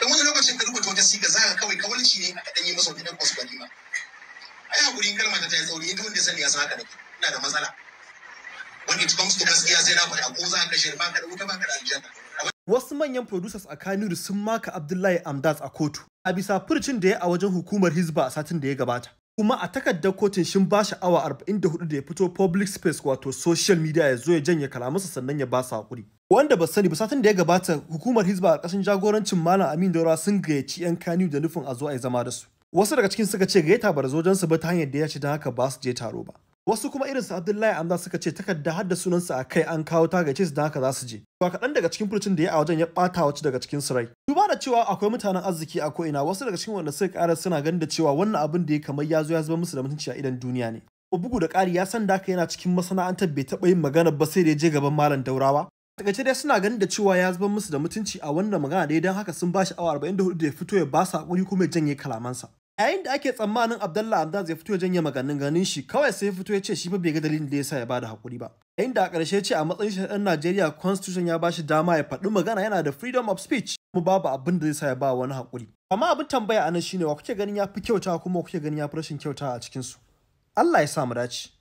Dan wani lokacin ka rubuta wata siga za ka kawai shi ne ka ɗanyi masa wata ɗan kwaskwari ba ai hakurin kalma ta ta yi tsauri duk wanda sani ya san haka da ina da matsala when it comes to gaskiya sai na faɗa ko za ka shirma ka da wuta ba ka da aljanna wasu manyan producers a Kanuri sun maka Abdullahi Amdas a kotu a bisa furcin da ya a wajen hukumar Hizba a satin da ya gabata. Kuma a takardar kotun shin ba shi awa 44 da ya fito public space wato social media ya zo ya janye kalamansa sannan ya ba su haƙuri. wanda ba sani ba satin da ya gabata hukumar hizba a ƙasan jagorancin malam amin daura sun gayyaci 'yan kaniyu da nufin a zo a yi zama da su wasu daga cikin suka ce gayyata ba da su ba ta hanyar da ya ce don haka ba su je taro ba wasu kuma irinsu abdullahi amza suka ce takarda har da sunansa a kai an kawo ta gace su don haka za su je ba kaɗan daga cikin furucin da ya a wajen ya ɓata wacce daga cikin su rai duba da cewa akwai mutanen arziki a ko'ina wasu daga cikin wanda suka ƙara suna ganin da cewa wannan abin da ya kamar ya zo ya zama musu da mutunci a idan duniya ne bugu da ƙari ya san da haka yana cikin masana'antar bai taɓa yin magana ba sai da ya je gaban malam daurawa takaice dai suna ganin da cewa ya zuba musu da mutunci a wannan magana dai don haka sun bashi awa 44 da ya fito ya ba su kuma ya janye kalamansa yayin da ake tsammanin Abdullah Abdaz zai fito ya janye maganin ganin shi kawai sai ya fito ya ce shi ba bai ga dalilin da ya sa ya bada hakuri ba yayin da a ƙarshe ce a matsayin shi ɗan Najeriya constitution ya bashi dama ya faɗi magana yana da freedom of speech kuma babu abin da zai sa ya ba wani hakuri amma abin tambaya anan shine wa kuke ganin ya fi kyauta kuma kuke ganin ya fi rashin kyauta a cikin su Allah ya sa mu dace